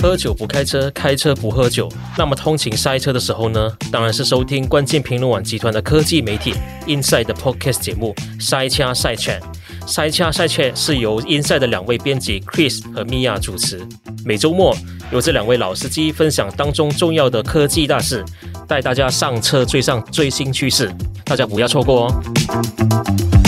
喝酒不開車，開車不喝酒。那麼通勤塞車的時候呢？當然是收聽關鍵評論網集團的科技媒體 Inside 的 Podcast 節目塞車塞圈，塞車塞圈是由 Inside 的兩位編輯 Chris 和 Mia 主持，每週末由這兩位老司機分享當中重要的科技大事，帶大家上車追上最新趨勢，大家不要錯過哦。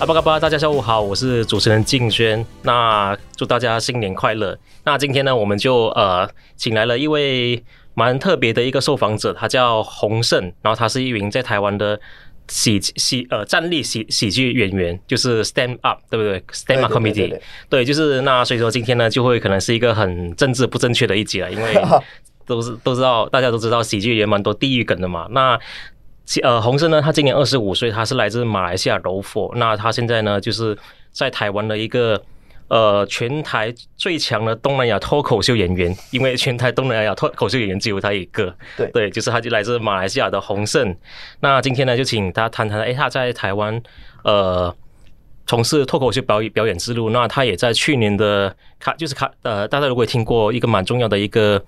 阿峇卡巴，大家下午好，我是主持人靜軒。那祝大家新年快樂。那今天呢，我們就呃請來了一位蠻特別的一個受訪者，他叫洪晟，然後他是一名在台灣的喜喜呃站立喜喜劇演員，就是 stand up，對不對？stand up comedy，對，對，對，對，對，對，就是那所以說今天呢，就會可能是一個很政治不正確的一集了，因為都是都知道大家都知道喜劇演員蠻多地獄梗的嘛，那。呃，洪晟呢，他今年二十五歲，他是來自馬來西亞柔佛。那他現在呢，就是在台灣的一個呃全台最強的東南亞脫口秀演員，因為全台東南亞脫口秀演員只有他一個。對，對，就是他就來自馬來西亞的洪晟。那今天呢，就請他談談，誒、哎、他在台灣，呃。從事脫口秀表演表演之路，那他也在去年的卡就是卡呃，大家如果聽過一個蠻重要的一個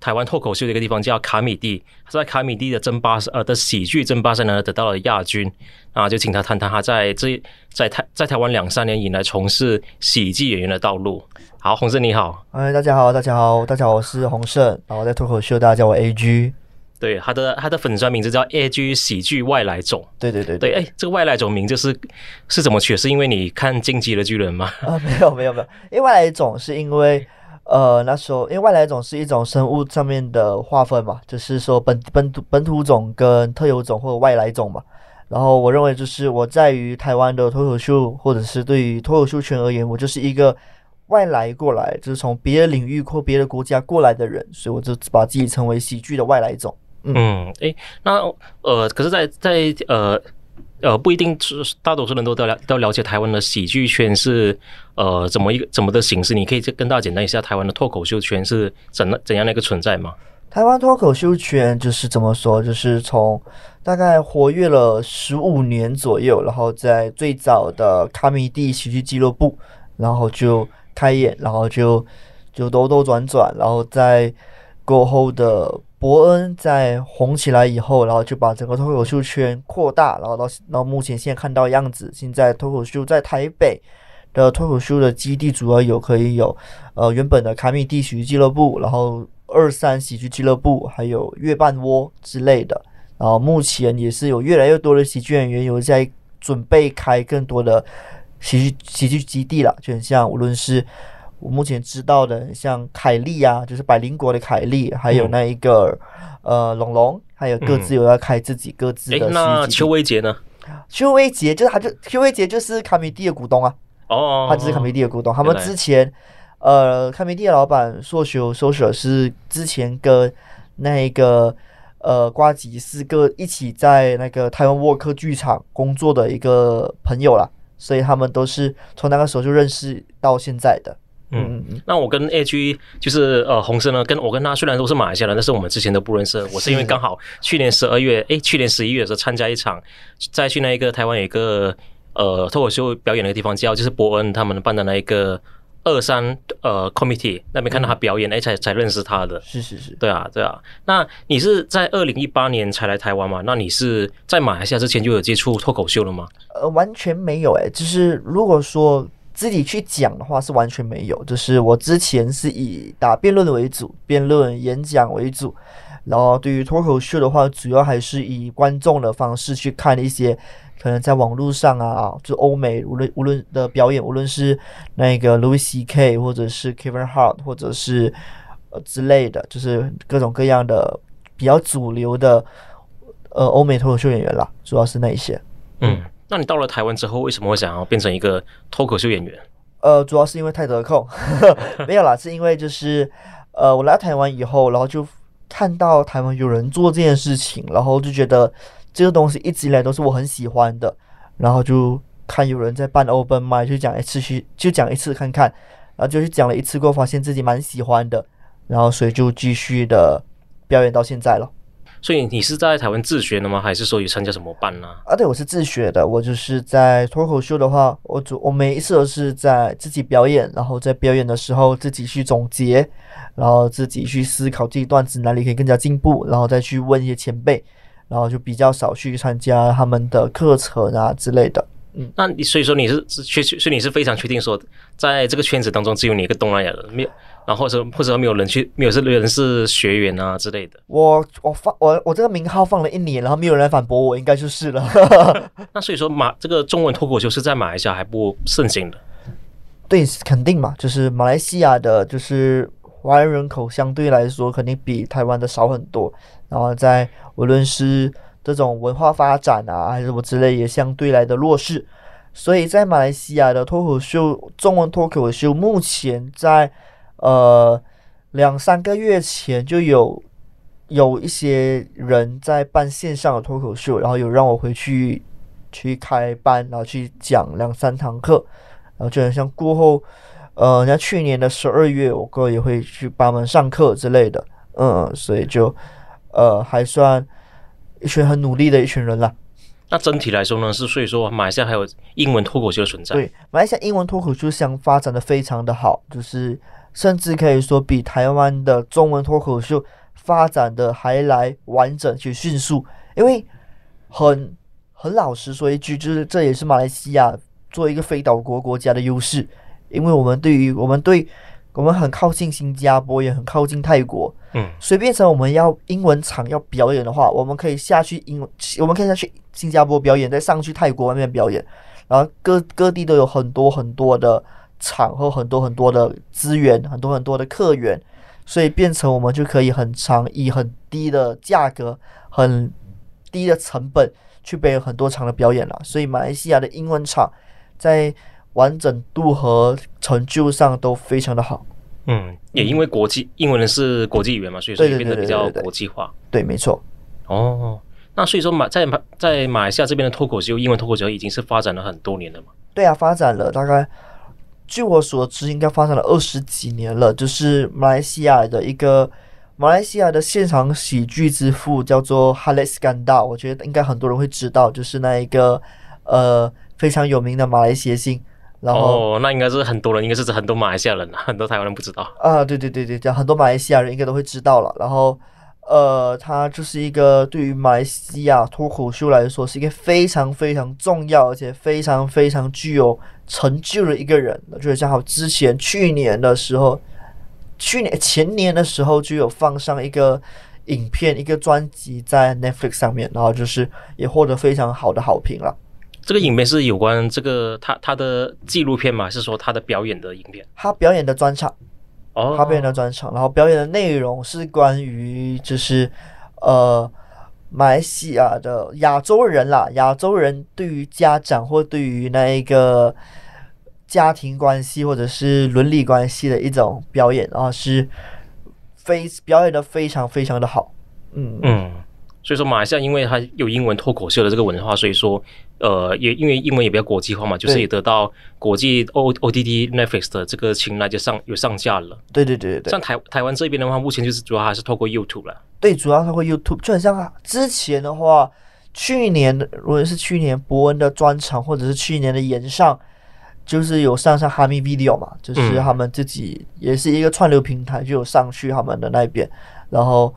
台灣脫口秀的一個地方叫卡米地，在卡米地的爭霸賽呃的喜劇爭霸賽呢得到了亞軍啊，就請他談談他在在台在,在,在台灣兩三年以來從事喜劇演員的道路。好，洪晟你好，哎，大家好，大家好，大家好，我是洪晟，然後在脫口秀大家叫我 A G。對，他的他的粉專名字叫 A G 喜劇外來種。對對對對，哎，這個外來種名就是是怎麼取？是因為你看《進擊的巨人》嗎？啊、呃，沒有沒有沒有，因為外來種是因為呃那時候因為外來種是一種生物上面的劃分嘛，就是說本本土本土種跟特有種或者外來種嘛。然後我認為就是我在於台灣的脫口秀或者是對於脫口秀圈而言，我就是一個外來過來，就是從別的領域或別的國家過來的人，所以我就把自己稱為喜劇的外來種。嗯，誒，那呃，可是在、在在呃呃，不一定是大多數人都都了都了解台灣的喜劇圈是呃怎麼一個怎麼的形式？你可以再跟大家簡單一下台灣的脫口秀圈是怎怎樣的一個存在嗎？台灣脫口秀圈就是怎麼說？就是從大概活躍了十五年左右，然後在最早的卡米地喜劇俱樂部，然後就開演，然後就就兜兜轉轉，然後在。之後的博恩在紅起來以後，然後就把整個脫口秀圈擴大，然後到到目前現在看到樣子，現在脫口秀在台北的脫口秀的基地主要有可以有，呃，原本的卡米地喜劇俱樂部，然後二三喜劇俱樂部，還有月半窩之類的。然後目前也是有越來越多的喜劇演員有在準備開更多的喜劇喜劇基地了，就很像無論是。我目前知道的，像凱莉啊，就是百靈果的凱莉，還有那一個、嗯、呃龍龍，還有各自有要開自己各自的、嗯。那邱威杰呢？邱威杰就是他，就邱威杰就是卡米地的股東啊。哦，oh, 他就是卡米地的股東。Oh, 他們之前 yeah, like. 呃，卡米地的老板碩修碩修是之前跟那一個呃呱、呃、吉是哥一起在那個台灣渥克劇場工作的一個朋友啦，所以他們都是從那個時候就認識到現在的。嗯，那我跟 AG 就是呃，洪晟呢，跟我跟他雖然都是馬來西亞人，但是我們之前都不認識。我是因為剛好去年十二月，誒是是、欸，去年十一月的時候參加一場，在去那一個台灣有一個呃脫口秀表演的地方叫，叫就是博恩他們辦的那一個二三呃 committee 那邊看到他表演，誒、嗯欸，才才認識他的。是是是，對啊對啊。那你是在二零一八年才來台灣嗎？那你是在馬來西亞之前就有接觸脫口秀了嗎？呃，完全沒有哎、欸，就是如果說。自己去講的話是完全沒有，就是我之前是以打辯論的為主，辯論演講為主，然後對於脫口秀的話，主要還是以觀眾的方式去看一些可能在網路上啊，就歐美無論無論的表演，無論是那個 Louis C.K. 或者是 Kevin Hart 或者是呃之類的，就是各種各樣的比較主流的呃歐美脫口秀演員啦，主要是那一些，嗯。那你到了台灣之後，為什麼會想要變成一個脫口秀演員？呃，主要是因為太得空， 沒有啦， 是因為就是呃，我來台灣以後，然後就看到台灣有人做這件事情，然後就覺得這個東西一直以來都是我很喜歡的，然後就看有人在辦 open mic 就講一次去，就講一次看看，然後就是講了一次過後，發現自己蠻喜歡的，然後所以就繼續的表演到現在了。所以你是在台灣自學的嗎？還是說有參加什麼班呢啊？啊，對，我是自學的。我就是在脫口秀的話，我主我每一次都是在自己表演，然後在表演的時候自己去總結，然後自己去思考這一段子哪裡可以更加進步，然後再去問一些前輩，然後就比較少去參加他們的課程啊之類的。嗯，那你所以說你是確確，所以你是非常確定說，在這個圈子當中只有你一個東南亞人沒有？然後或者或者沒有人去，沒有人是學員啊之類的。我我放我我這個名號放了一年，然後沒有人來反駁我，應該就是了。 那所以說馬這個中文脫口秀是在馬來西亞還不盛行的。對，肯定嘛，就是馬來西亞的，就是華人人口相對來說肯定比台灣的少很多。然後在無論是這種文化發展啊還是什麼之類，也相對來的弱勢。所以在馬來西亞的脫口秀，中文脫口秀目前在。呃，兩三個月前就有有一些人在辦線上的脫口秀，然後有讓我回去去開班，然後去講兩三堂課，然後就很像過後，呃，像去年的十二月，我哥也會去幫忙上課之類的，嗯，所以就呃還算一群很努力的一群人啦。那整體來說呢，是所以說，馬來西亞還有英文脫口秀存在。對，馬來西亞英文脫口秀像發展的非常的好，就是。甚至可以說，比台灣的中文脫口秀發展的還來完整且迅速，因為很很老實說一句，就是這也是馬來西亞作為一個非島國國家的優勢，因為我們對於我們對，我們很靠近新加坡，也很靠近泰國，嗯，所以變成我們要英文場要表演的話，我們可以下去英文，我們可以下去新加坡表演，再上去泰國外面表演，然後各各地都有很多很多的。場後很多很多的資源，很多很多的客源，所以變成我們就可以很長，以很低的價格、很低的成本去表演很多場的表演了。所以馬來西亞的英文場在完整度和成就上都非常的好。嗯，也因為國際、嗯、英文的是國際語言嘛，嗯、所以說變得比較國際化。對，沒錯。哦，那所以說馬在馬在馬來西亞這邊的脫口秀英文脫口秀已經是發展了很多年了嘛？對啊，發展了大概。據我所知，應該發展了二十幾年了。就是馬來西亞的一個馬來西亞的現場喜劇之父，叫做哈雷斯干道。我覺得應該很多人會知道，就是那一個呃非常有名的馬來西亞星。然後，哦、那應該是很多人，應該是很多馬來西亞人、啊，很多台灣人不知道。啊，對對對對，這樣很多馬來西亞人應該都會知道了。然後。呃，他就是一個對於馬來西亞脫口秀來說是一個非常非常重要，而且非常非常具有成就的一個人，就是像好之前去年的時候，去年前年的時候就有放上一個影片，一個專輯在 Netflix 上面，然後就是也獲得非常好的好評了。這個影片是有關這個他他的紀錄片嗎？還是說他的表演的影片，他表演的專場。Oh. 他本人的專場，然後表演的內容是關於，就是，呃，馬來西亞的亞洲人啦，亞洲人對於家長或對於那一個家庭關係或者是倫理關係的一種表演，啊，然後是非表演的非常非常的好，嗯。Mm. 所以說馬來西亞因為它有英文脫口秀的這個文化，所以說呃也因為英文也比較國際化嘛，就是也得到國際 O O T T Netflix 的這個青睞，就上有上架了。對對對對像台台灣這邊的話，目前就是主要還是透過 YouTube 了。對，對，主，主要透過 YouTube。就很像之前的話，去年如果是去年博恩的專場，或者是去年的演上，就是有上上哈密 Video 嘛，就是他們自己也是一個串流平台，就有上去他們的那邊，嗯、然後。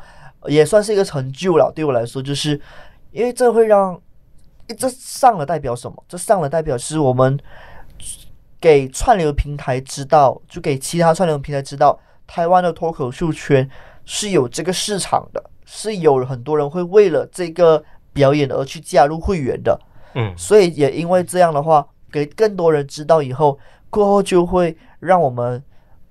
也算是一個成就了，對我來說，就是因為這會讓這上了代表什麼？這上了代表是，我們給串流平台知道，就給其他串流平台知道，台灣的脫口秀圈是有這個市場的，是有很多人會為了這個表演而去加入會員的。嗯，所以也因為這樣的話，給更多人知道以後，過後就會讓我們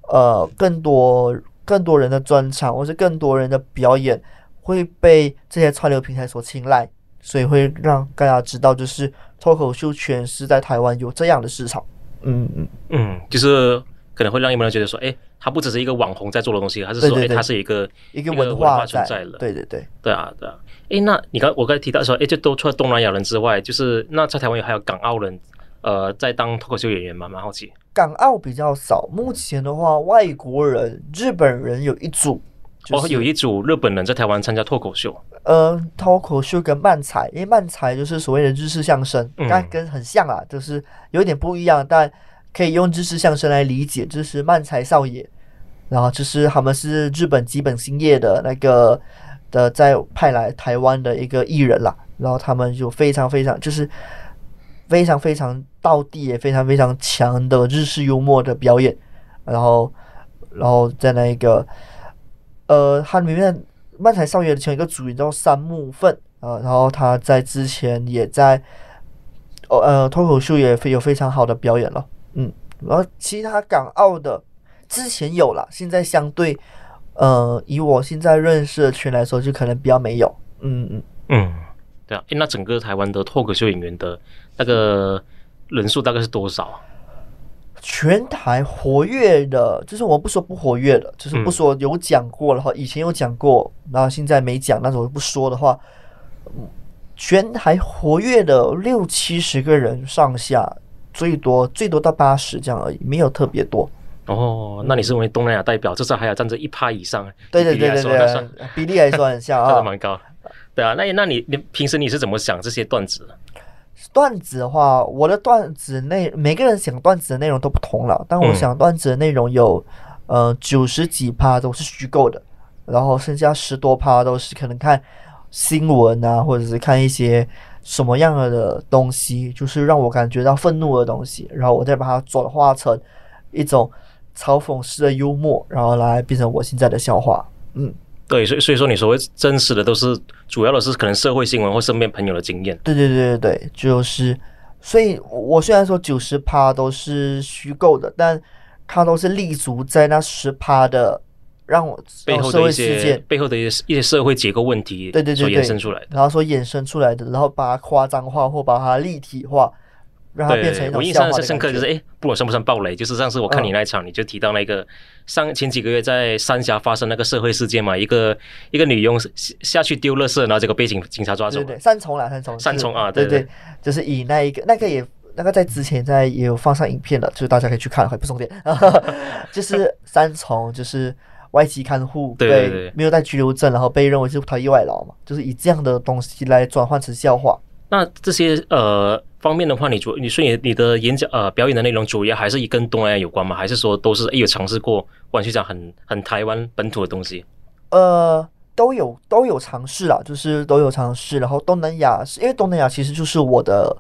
呃更多。更多人的專場，或是更多人的表演會被這些串流平台所青睞，所以會讓大家知道，就是脫口秀全是在台灣有這樣的市場。嗯嗯嗯，就是可能會讓一般人覺得說，哎、欸，他不只是一個網紅在做的東西，還是說，誒，他、欸、是一個一個，一個文化存在了。對對對，對啊對啊。哎、啊欸，那你剛我剛才提到說，誒、欸，就都除了東南亞人之外，就是那在台灣有還有港澳人。呃，在當脫口秀演員嘛，蠻好奇。港澳比較少，目前的話，外國人、嗯、日本人有一組、就是，哦，有一組日本人，在台灣參加脫口秀。呃、嗯，脫口秀跟漫才，因為漫才就是所謂的日式相聲，嗯、但跟很像啊，就是有一點不一樣，但可以用日式相聲來理解。就是漫才少爺，然後就是他們是日本基本興業的那個的在派來台灣的一個藝人啦，然後他們就非常非常就是。非常非常道地也非常非常強的日式幽默的表演，然後，然後在那一個，呃，他裡面漫才少爺的其中一個主演叫山木糞啊，然後他在之前也在，哦呃脫口秀也非有非常好的表演了，嗯，然後其他港澳的之前有了，現在相對，呃，以我現在認識的圈來說，就可能比較沒有，嗯嗯嗯。對啊，哎，那整個台灣的脫口秀演員的那個人數大概是多少？全台活躍的，就是我不說不活躍的，就是不說有講過的話，嗯、然後以前有講過，然後現在沒講，那我不說的話，全台活躍的六七十個人上下最，最多最多到八十這樣而已，沒有特別多。哦，那你身為東南亞代表，至少還要占着一趴以上。對，對對對對對，比例還算下啊， 蠻高。對啊，那你那你，你你平時你是怎麼想這些段子？段子的話，我的段子內每個人想段子的內容都不同了。但我想段子的內容有，嗯、呃，九十幾趴都是虛構的，然後剩下十多趴都是可能看新聞啊，或者是看一些什麼樣的，的東西，就是讓我感覺到憤怒的東西，然後我再把它轉化成一種嘲諷式的幽默，然後來變成我現在的笑話。嗯。對，所以所以說你所謂真實的都是主要的是可能社會新聞或身邊朋友的經驗。對對對對對，就是，所以我雖然說九十趴都是虛構的，但它都是立足在那十趴的，讓我背後的一些事件，背後的一些一些社會結構問題，對對，對對對，所延伸出來的，然後所延伸出來的，然後把它誇張化或把它立體化。然後變成一的，我印象最深刻就是哎，布魯算不算暴雷，就是上次我看你那場，嗯、你就提到那個上前幾個月在三峽發生那個社會事件嘛，一個一個女傭下去丟垃圾，然後結果被警警察抓走對對，三重啦，三重，三重啊對對、就是，對對，就是以那一個那個也那個在之前在也有放上影片了，就是大家可以去看，還不重點， 就是三重就是外籍看護對，對，對，對沒有帶居留證，然後被認為是逃逸外勞嘛，就是以這樣的東西來轉換成笑話。那這些呃方面的話你，你主你說你你的演講呃表演的內容主要還是以跟東南亞有關嗎？還是說都是、欸、有嘗試過，不管去講很很台灣本土的東西？呃，都有都有嘗試啊，就是都有嘗試。然後東南亞，因為東南亞其實就是我的，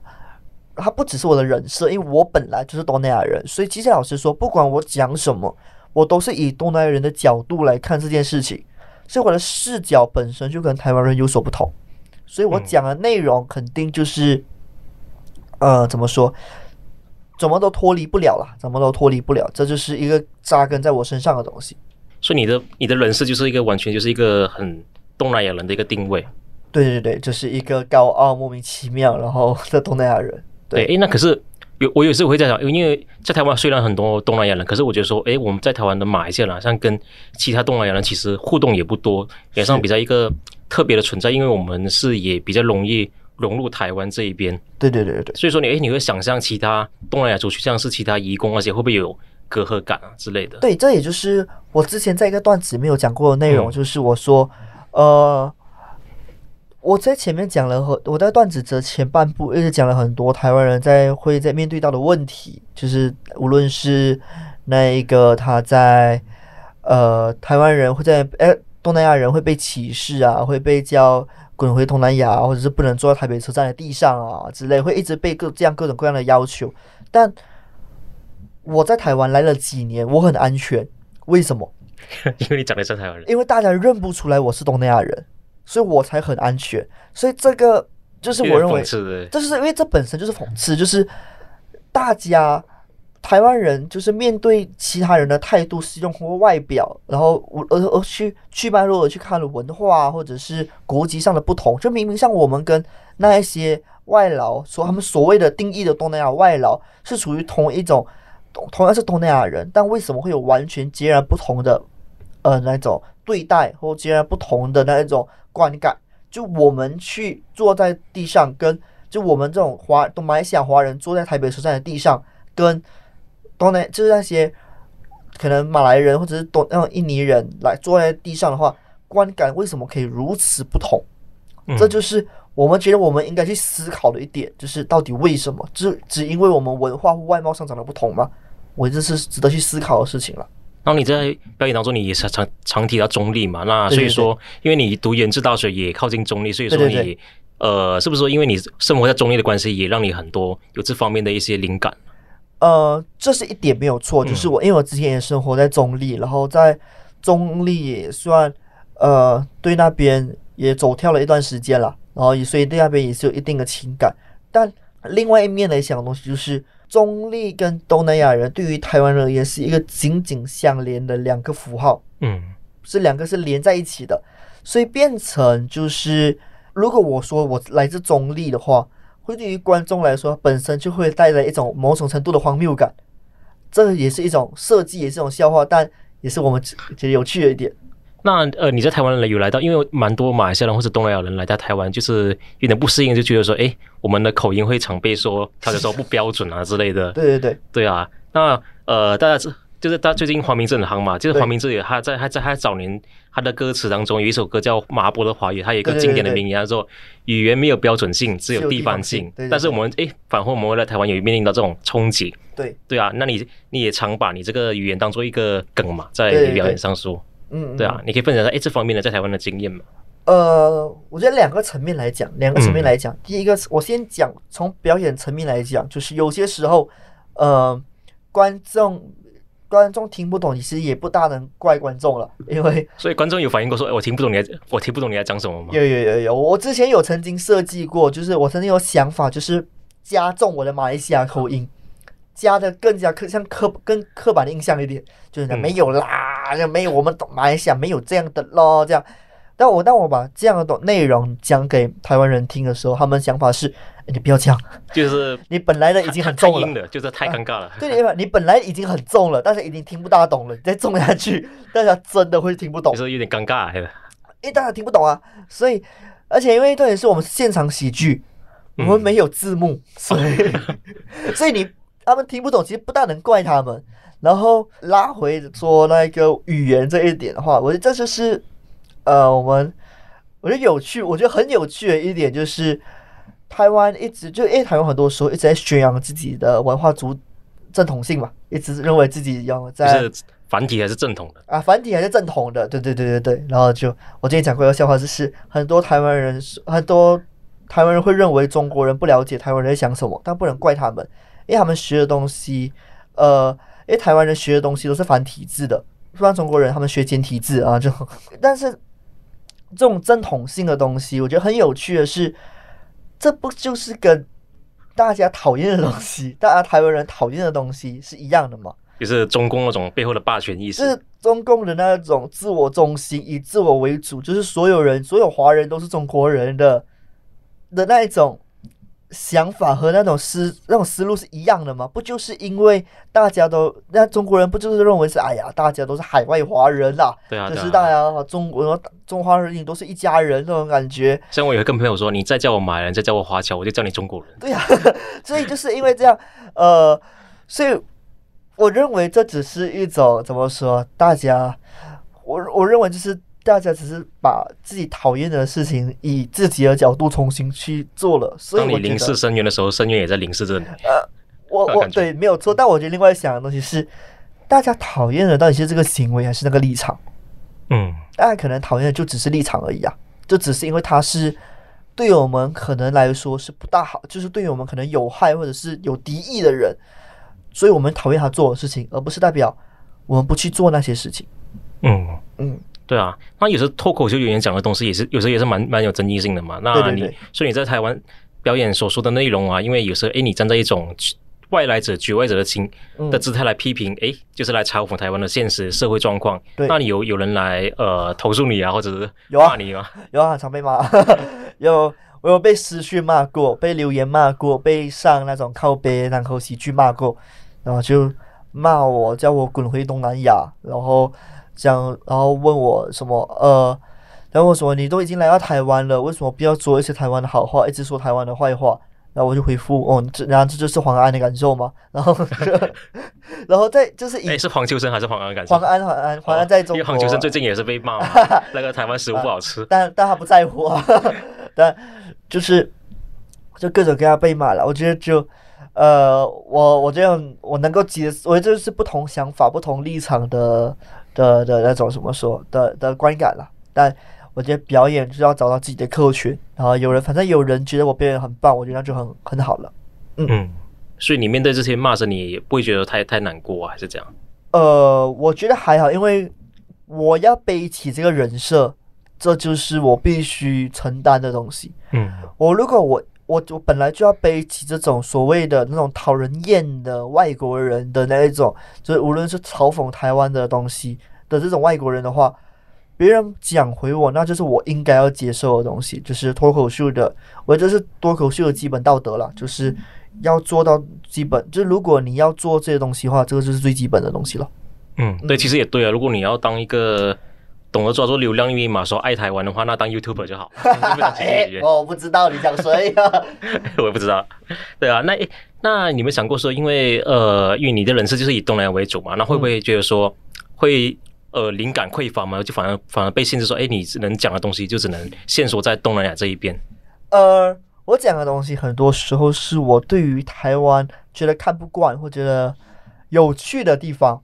它不只是我的人設，因為我本來就是東南亞人，所以其實老實說，不管我講什麼，我都是以東南亞人的角度來看這件事情，所以我的視角本身就跟台灣人有所不同。所以，我講的內容肯定就是，嗯、呃，怎麼說，怎麼都脫離不了啦、啊，怎麼都脫離不了，這就是一個扎根在我身上的東西。所以你，你的你的人設就是一個完全就是一個很東南亞人的一個定位。對對對，就是一個高傲莫名其妙，然後的東南亞人。對，哎，那可是。有我有時候會在想，因為因為在台灣雖然很多東南亞人，可是我覺得說，哎，我們在台灣的馬來西亞人好像跟其他東南亞人其實互動也不多，也算比較一個特別的存在，因為我們是也比較容易融入台灣這一邊。對對對對對。所以說你，哎，你會想象其他東南亞族群，像是其他移工那些，而且會不會有隔閡感啊之類的？對，這也就是我之前在一個段子沒有講過的內容，就是我說，嗯、呃。我在前面講了很，我在段子的前半部，一直講了很多台灣人在會在面對到的問題，就是無論是那一個他在呃台灣人會在哎東南亞人會被歧視啊，會被叫滾回東南亞，或者是不能坐在台北車站的地上啊之類，會一直被各這樣各種各樣的要求。但我在台灣來了幾年，我很安全，為什麼？因為你長得像台灣人。因為大家認不出來我是東南亞人。所以我才很安全，所以這個就是我認為，就是因為這本身就是諷刺，就是大家台灣人就是面對其他人的態度，是用通過外表，然後我而而去去般若的去看了文化或者是國籍上的不同，就明明像我們跟那一些外勞，說他們所謂的定義的東南亞外勞是屬於同一種，同樣是東南亞人，但為什麼會有完全截然不同的？呃，那種對待或截然不同的那一種觀感，就我們去坐在地上，跟就我們這種華，馬來西亞華人坐在台北車站的地上跟，跟東南亞就是那些可能馬來人或者是東那種印尼人來坐在地上的話，觀感為什麼可以如此不同？嗯，這就是我們覺得我們應該去思考的一點，就是到底為什麼？只只因為我們文化或外貌上長得不同嗎？我這是值得去思考的事情了。然後你在表演當中，你也常常提到中壢嘛，那所以說，因為你讀元智大學也靠近中壢。對對對，所以說你對對對呃，是不是說因為你生活在中壢的關係，也讓你很多有這方面的一些靈感？呃，這是一點沒有錯，就是我、嗯、因為我之前也生活在中壢，然後在中壢，也算呃對那邊也走跳了一段時間了，然後也所以對那邊也是有一定的情感，但另外一面來想的東西就是。中壢跟東南亞人對於台灣人也是一個緊緊相連的兩個符號，嗯，是兩個是連在一起的，所以變成就是，如果我說我來自中壢的話，會對於觀眾來說本身就會帶來一種某種程度的荒謬感，這也是一種設計，也是一種笑話，但也是我們覺得有趣的一點。那呃，你在台灣有來到，因為蠻多馬來西亞人或者東南亞人來到台灣，就是有點不適應，就覺得說，哎、欸，我們的口音會常被說，他就說不標準啊之類的。 對對對，對啊。那呃，大家知，就是他最近黃明志行嘛，就是黃明志也在對 他在他在他，在他在早年他的歌詞當中有一首歌叫《麻坡的華語》，他有一個經典的名言說：“對對對對語言沒有標準性，只有地方性。”但是我們哎、欸，仿佛我們會在台灣有一面臨到這種衝擊。對對，對，對，對啊，那你你也常把你這個語言當做一個梗嘛，在你表演上說。對對對對嗯,嗯，對啊，你可以分享一下哎，這方面的在台灣的經驗嘛？呃，我覺得兩個層面來講，兩個層面來講，嗯、第一個是我先講，從表演層面來講，就是有些時候，呃，觀眾觀眾聽不懂你，其實也不大能怪觀眾了，因為所以觀眾有反應過說，哎，我聽不懂你在，我聽不懂你在講什麼嗎？有有有有，我之前有曾經設計過，就是我曾經有想法，就是加重我的馬來西亞口音。嗯加的更加刻像刻跟刻板的印象一點，就是沒有啦，嗯、沒有我們馬來西亞沒有這樣的咯這樣。但我當我把這樣的內容講給台灣人聽的時候，他們想法是：哎、你不要這樣，就是 你本來的已經很重了，了就是太尷尬了、啊。對，你本來已經很重了，但是已經聽不大懂了，你再重下去，大家真的會聽不懂。就是有點尷尬、啊，哎，大家聽不懂啊。所以，而且因為這也是我們現場喜劇，嗯、我們沒有字幕，所以，哦、 所以你。他們聽不懂，其實不大能怪他們。然後拉回說那個語言這一點的話，我覺得這就是，呃，我們我覺得有趣，我覺得很有趣的一點就是，台灣一直就，因為台灣很多時候一直在宣揚自己的文化族正統性嘛，一直認為自己要在繁體還是正統的啊，繁體還是正統的，對對對對對。然後就我今天講過一個笑話，就是很多台灣人，很多台灣人會認為中國人不了解台灣人在想什麼，但不能怪他們，因為他們學的東西，呃，因為台灣人學的東西都是繁體字的，不像中國人他們學簡體字啊，就，但是這種正統性的東西，我覺得很有趣的是，這不就是跟大家討厭的東西，大家台灣人討厭的東西是一樣的嘛，就是中共那種背後的霸權意識，是中共的那種自我中心，以自我為主，就是所有人，所有華人都是中國人的的那一種，想法和那種思那種思路是一樣的嗎？不就是因為大家都那中國人不就是認為是哎呀，大家都是海外華人啦、對啊，可、啊、是大家中國、中華兒女都是一家人那種感覺。像我有一個朋友說，你再叫我馬來人，再叫我華僑，我就叫你中國人。對呀、啊，所以就是因為這樣， 呃，所以我認為這只是一種怎麼說，大家我我認為就是。大家只是把自己討厭的事情以自己的角度重新去做了，所以你凝視深淵的時候，深淵也在凝視着你。呃，我我對沒有錯，但我覺得另外想的東西是，大家討厭的到底是這個行為還是那個立場？嗯，大家可能討厭的就只是立場而已啊，就只是因為他是對我們可能來說是不大好，就是對於我們可能有害或者是有敵意的人，所以我們討厭他做的事情，而不是代表我們不去做那些事情。嗯嗯。對啊，那有時候脫口秀演員講的東西也是，有時候也是蠻蠻有爭議性的嘛。那你對對對所以你在台灣表演所說的內容啊，因為有時候哎，你站在一種外來者、局外者的情、嗯、的姿態來批評，哎，就是來嘲諷台灣的現實社會狀況。對那你有有人來呃投訴你啊，或者是罵你嗎？有啊，有啊，常被罵。 有我有被私訊罵過，被留言罵過，被上那種靠北然後喜劇罵過，然後就罵我，叫我滾回東南亞，然後。講，然後問我什麼？呃，然後我說你都已經來到台灣了，為什麼不要說一些台灣的好話，一直說台灣的壞話？然後我就回覆哦，這然後這就是黃安的感受嘛。然後，然後在就是，哎，是黃秋生還是黃安感受？黃安，黃安，黃安在中國、啊。哦、因為黃秋生最近也是被罵，啊、那個台灣食物不好吃，啊、但但他不在乎、啊呵呵，但就是就各種各樣被罵了。我覺得就，呃，我我這樣我能夠接受，我覺得就是不同想法、不同立場的。的的那種什麼說的的觀感了，但我覺得表演是要找到自己的客群，然後有人反正有人覺得我表演很棒，我覺得那就很很好了。嗯，嗯，所以你面對這些罵聲，你也不會覺得太太難過啊，還是這樣？呃，我覺得還好，因為我要背起這個人設，這就是我必須承擔的東西。嗯，我如果我。我我本來就要背起這種所謂的那種討人厭的外國人的那一種，就是無論是嘲諷台灣的東西的這種外國人的話，別人講回我，那就是我應該要接受的東西，就是脫口秀的，我就是脫口秀的基本道德了，就是要做到基本，就是如果你要做這些東西的話，這個就是最基本的東西了。嗯，對，其實也對啊，如果你要當一個。懂得抓住流量密碼嘛？說愛台灣的話，那當 YouTuber 就好。 哎、 我不知道你講誰呀，我也不知道。對啊，那那你們想過說，因為呃，因為你的人設就是以東南亞為主嘛，那會不會覺得說會呃靈感匱乏嘛？就反而反而被限制說，哎，你只能講的東西就只能限縮在東南亞這一邊。呃，我講的東西很多時候是我對於台灣覺得看不慣或覺得有趣的地方。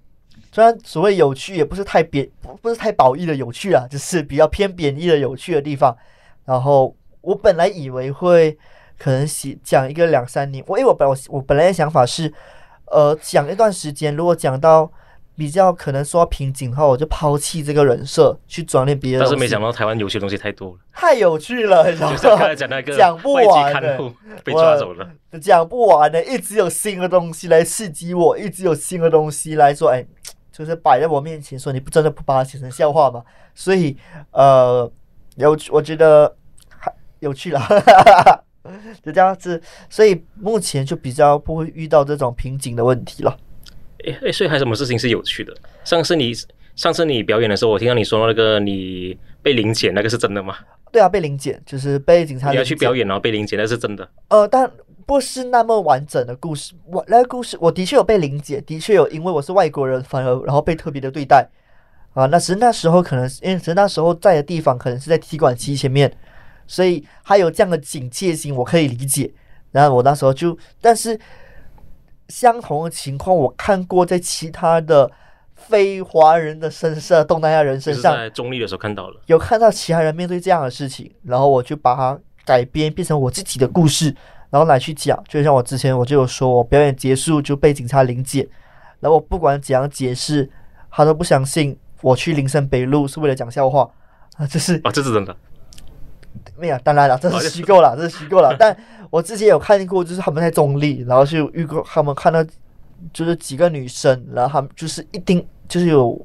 雖然所謂有趣也不是太貶，不是太褒義的有趣啊，就是比較偏貶義的有趣的地方。然後我本來以為會可能講一個兩三年，我因為、欸、我本來我本來的想法是，呃，講一段時間，如果講到比較可能說瓶頸的話，我就拋棄這個人設去轉念別的。但是沒想到台灣有趣的東西太多了，太有趣了，你知道嗎？講不完的，被抓走了，講不完的、欸，一直有新的東西來刺激我，一直有新的東西來說，哎、欸。就是擺在我面前，說，你不真的不把它寫成笑話嗎？所以，呃，有我覺得還有趣了， 就這樣子。所以目前就比較不會遇到這種瓶頸的問題了、哎。誒、哎、誒，所以還有什麼事情是有趣的？上次你上次你表演的時候，我聽到你說到那個你被臨檢，那個是真的嗎？對啊，被臨檢就是被警察。你要去表演然後被臨檢，那是真的。呃，但。不是那麼完整的故事，我那個、故事我的確有被理解，的確有，因為我是外國人，反而然後被特別的對待，啊，那時那時候可能，因為那時候在的地方可能是在提款機前面，所以還有這樣的警戒心，我可以理解。然後我那時候就，但是相同的情況我看過在其他的非華人的身上，東南亞人身上，在中壢的時候看到了，有看到其他人面對這樣的事情，然後我就把它改編變成我自己的故事。然後來去講，就像我之前我就有說，我表演結束就被警察臨檢，然後我不管怎樣解釋，他都不相信。我去林森北路是為了講笑話啊，這是啊，這是真的？沒有，當然了，這是虛構了，啊、這，是這是虛構了。但我之前有看過，就是他們在中立， 然後就遇過他們看到就是幾個女生，然後他們就是一定就是有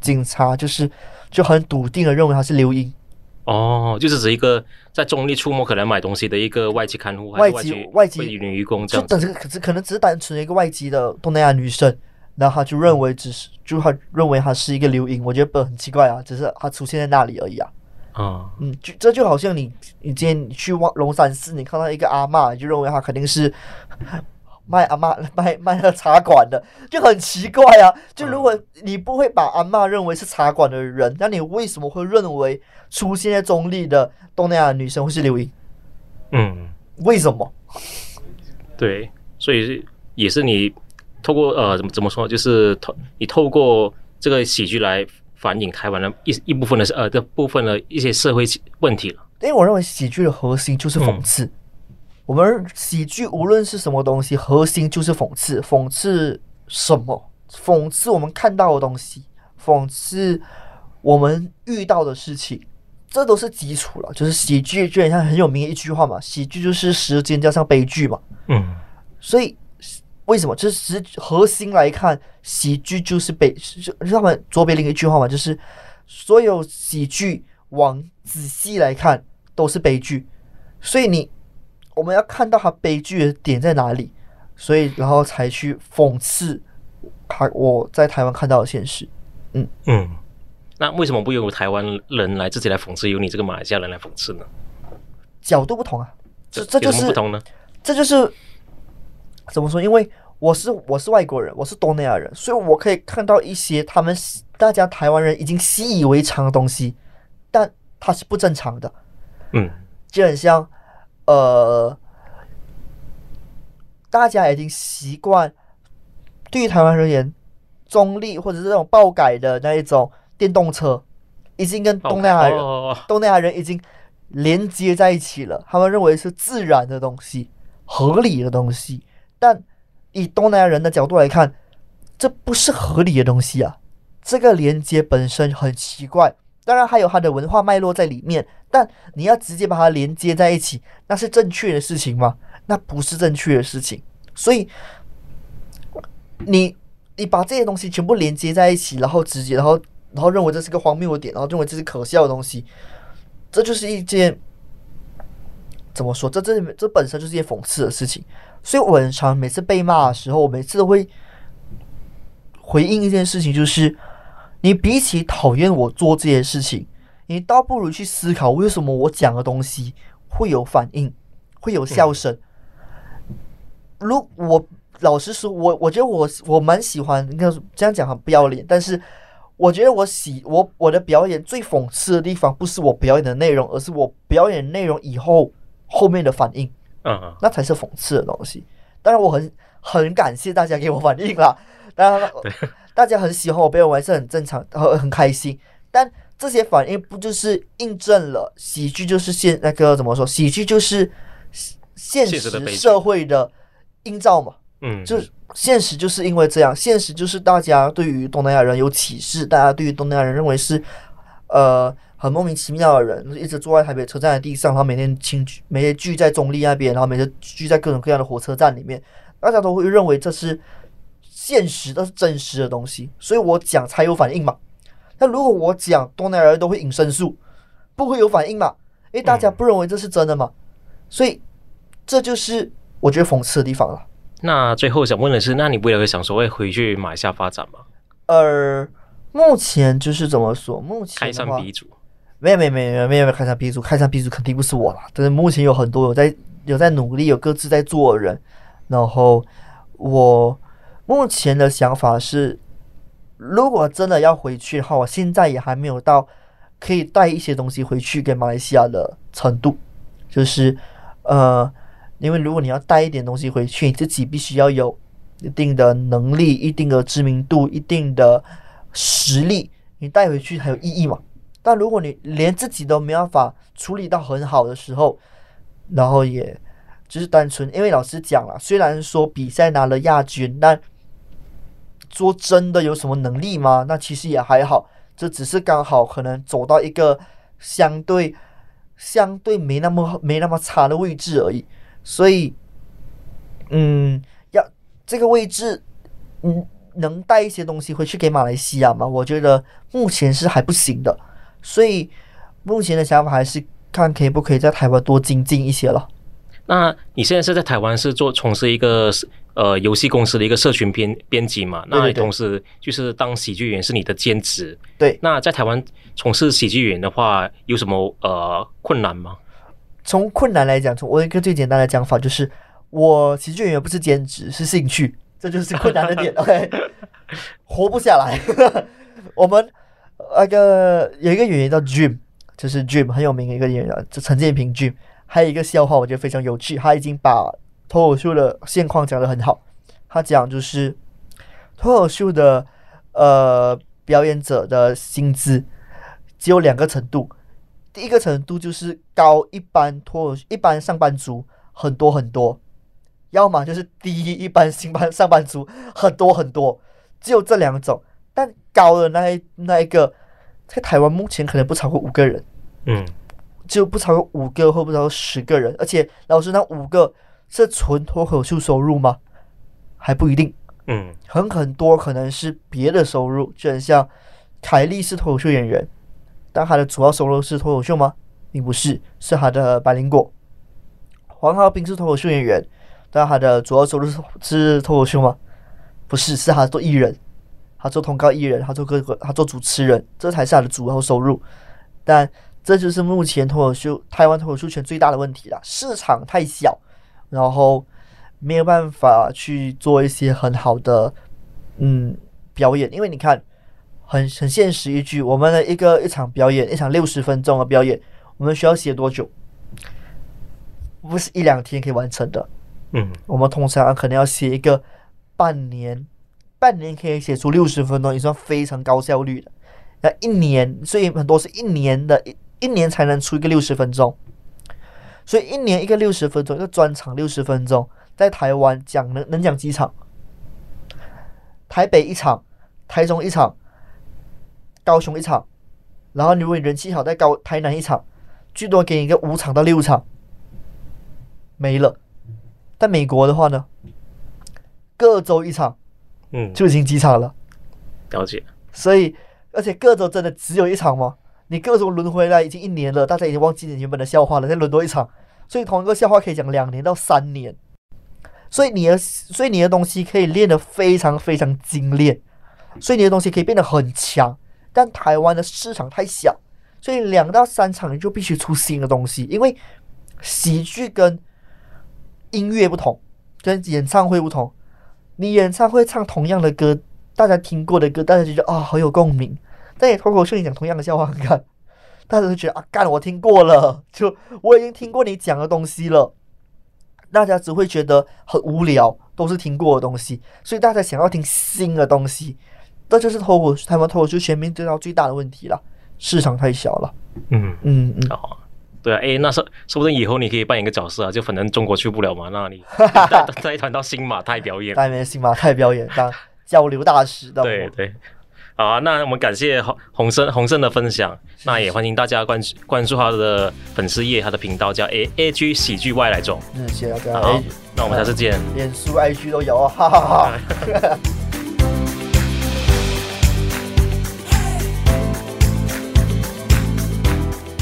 警察，就是就很篤定的認為他是流鶯。哦，就是指一個在中壢出沒可能買東西的一個外籍看護，外籍外籍女工這樣，籍就等於可可能只是單純一個外籍的東南亞女生，然後她就認為只是就她認為她是一個流鶯，我覺得不很奇怪啊，只是她出現在那裡而已啊。哦、嗯，就這就好像你你今天你去望龍山寺，你看到一個阿嬤，你就認為她肯定是。 賣阿嬤、賣賣那個茶館的就很奇怪啊！就如果你不會把阿嬤認為是茶館的人，嗯、那你為什麼會認為出現在中壢的東南亞女生會是流鶯，嗯，為什麼？對，所以也是你透過呃怎麼怎麼說，就是透你透過這個喜劇來反映台灣的一一部分的呃這部分的一些社會問題了。因為我認為喜劇的核心就是諷刺。嗯我們喜劇無論是什麼東西，核心就是諷刺，諷刺什麼？諷刺我們看到的東西，諷刺我們遇到的事情，這都是基礎了。就是喜劇，就很像很有名的一句話嘛，喜劇就是時間加上悲劇嘛。嗯。所以為什麼？這是核心來看，喜劇就是悲劇。就他們卓別林的一句話嘛，就是所有喜劇往仔細來看都是悲劇。所以你。我們要看到他悲劇的點在哪裡，所以然後才去諷刺他，我在台灣看到的現實。嗯嗯，那為什麼不由台灣人來自己來諷刺，由你這個馬來西亞人來諷刺呢？角度不同啊，這這就是不同呢。這就是怎麼說？因為我是我是外國人，我是東南亞人，所以我可以看到一些他們大家台灣人已經習以為常的東西，但它是不正常的。嗯，就很像。呃，大家已經習慣，對於台灣而言，中立或者是這種爆改的那一種電動車，已經跟東南亞人，oh, oh, oh, oh. 東南亞人已經連接在一起了。他們認為是自然的東西、合理的東西，但以東南亞人的角度來看，這不是合理的東西啊！這個連接本身很奇怪。當然還有它的文化脈絡在裡面，但你要直接把它連接在一起，那是正確的事情嗎？那不是正確的事情。所以，你你把這些東西全部連接在一起，然後直接，然後然後認為這是個荒謬的點，然後認為這是可笑的東西，這就是一件怎麼說？這這這本身就是一件諷刺的事情。所以，我很常每次被罵的時候，我每次都會回應一件事情，就是。你比起討厭我做這些事情，你倒不如去思考為什麼我講的東西會有反應，會有笑聲？對如果我老實說，我我覺得我我蠻喜歡，你看這樣講很不要臉，對但是我覺得我喜我我的表演最諷刺的地方，不是我表演的內容，而是我表演內容以後後面的反應，嗯嗯、uh-huh. 那才是諷刺的東西。當然，我很很感謝大家給我反應了，當然，大家很喜歡我被人玩是很正常，很很開心。但這些反應不就是印證了喜劇就是現那個怎麼說？喜劇就是現實社會的映照嘛。嗯，就現實就是因為這樣，嗯、現實就是大家對於東南亞人有歧視，大家對於東南亞人認為是呃。很莫名其妙的人，一直坐在台北車站的地上，然後每天群每天聚在中壢那邊，然後每天聚在各種各樣的火車站裡面，大家都會認為這是現實，都是真實的東西，所以我講才有反應嘛。那如果我講東南亞都會隱身術，不會有反應嘛？因為大家不認為這是真的嘛。嗯，所以這就是我覺得諷刺的地方了。那最後想問的是，那你不也會想說會回去馬來西亞發展嗎？呃，目前就是怎麼說？目前開山鼻祖。沒有沒有沒有沒有，開山鼻祖，開山鼻祖肯定不是我啦。但是目前有很多有在有在努力，有各自在做的人。然後我目前的想法是，如果真的要回去的話，我現在也還沒有到可以帶一些東西回去給馬來西亞的程度。就是呃，因為如果你要帶一點東西回去，你自己必須要有一定的能力、一定的知名度、一定的實力，你帶回去才有意義嘛。但如果你連自己都沒辦法處理到很好的時候，然後也，就是單純因為老師講了，雖然說比賽拿了亞軍，但說真的有什麼能力嗎？那其實也還好，這只是剛好可能走到一個相對相對沒那麼沒那麼差的位置而已。所以，嗯，要這個位置，嗯，能帶一些東西回去給馬來西亞嗎？我覺得目前是還不行的。所以目前的想法還是看可以不可以在台灣多精進一些了。那你現在是在台灣是做從事一個呃遊戲公司的一個社群編編輯嘛？對對對。那同時就是當喜劇演員是你的兼職？對。那在台灣從事喜劇演員的話，有什麼呃困難嗎？從困難來講，從我一個最簡單的講法就是，我喜劇演員不是兼職，是興趣，這就是困難的點。 OK，活不下來。 我們。那個有一個演員叫 Jim，就是 Jim 很有名的一個演員，就陳建平 Jim。還有一個笑話，我覺得非常有趣。他已經把脫口秀的現況講得很好。他講就是脫口秀的呃表演者的薪資只有兩個程度，第一個程度就是高一般脫口，一般上班族很多很多；要麼就是低一般新班上班族很多很多，只有這兩種。高的那一那一個，在台灣目前可能不超過五個人，嗯，就不超過五個或不超過十個人。而且，老師，那五個是純脫口秀收入嗎？還不一定，嗯，很很多可能是別的收入。就很像凱莉是脫口秀演員，但他的主要收入是脫口秀嗎？並不是，是他的百靈果。黃浩斌是脫口秀演員，但他的主要收入是脫口秀嗎？不是，是他做藝人。他做通告藝人，他做歌手，他做主持人，這才是他的主要收入。但這就是目前脫口秀台灣脫口秀圈最大的問題了，市場太小，然後沒有辦法去做一些很好的嗯表演。因為你看，很很現實一句，我們的一個一場表演，一場六十分鐘的表演，我們需要寫多久？不是一兩天可以完成的。嗯，我們通常可能要寫一個半年。半年可以寫出六十分鐘，也算非常高效率的。那一年，所以很多是一年的，一一年才能出一個六十分鐘。所以一年一個六十分鐘，一個專場六十分鐘，在台灣講能能講幾場？台北一場，台中一場，高雄一場，然後你如果人氣好，再高台南一場，最多給你一個五場到六場，沒了。但美國的話呢？各州一場。嗯，就已經幾場了，了解。所以，而且各州真的只有一場嗎？你各州輪回來已經一年了，大家已經忘記你原本的笑話了，再輪多一場，所以同一個笑話可以講兩年到三年。所以你的，所以你的東西可以練得非常非常精煉，所以你的東西可以變得很強。但台灣的市場太小，所以兩到三場你就必須出新的東西，因為喜劇跟音樂不同，跟演唱會不同。你演唱會唱同樣的歌，大家聽過的歌，大家就覺得啊、哦，好有共鳴。但也脫口秀你講同樣的笑話，你看，看，大家都覺得啊，幹，我聽過了，就我已經聽過你講的東西了。大家只會覺得很無聊，都是聽過的東西，所以大家想要聽新的東西，這就是脫口他們脫口秀全民遇到最大的問題了，市場太小了。嗯嗯嗯啊。哦對啊，誒，那是說，說不定以後你可以扮演一個角色啊，就反正中國去不了嘛，那你再再談到新馬泰表演，面新馬泰表演當交流大使， 對對。 好啊，那我們感謝洪晟洪晟洪晟的分享，是是是那也歡迎大家關注關注他的粉絲頁，他的頻道叫 A, A A G 喜劇外來種。嗯，謝謝大家。對啊 uh, 那我們下次見。嗯、臉書 IG 都有哈，哈哈哈。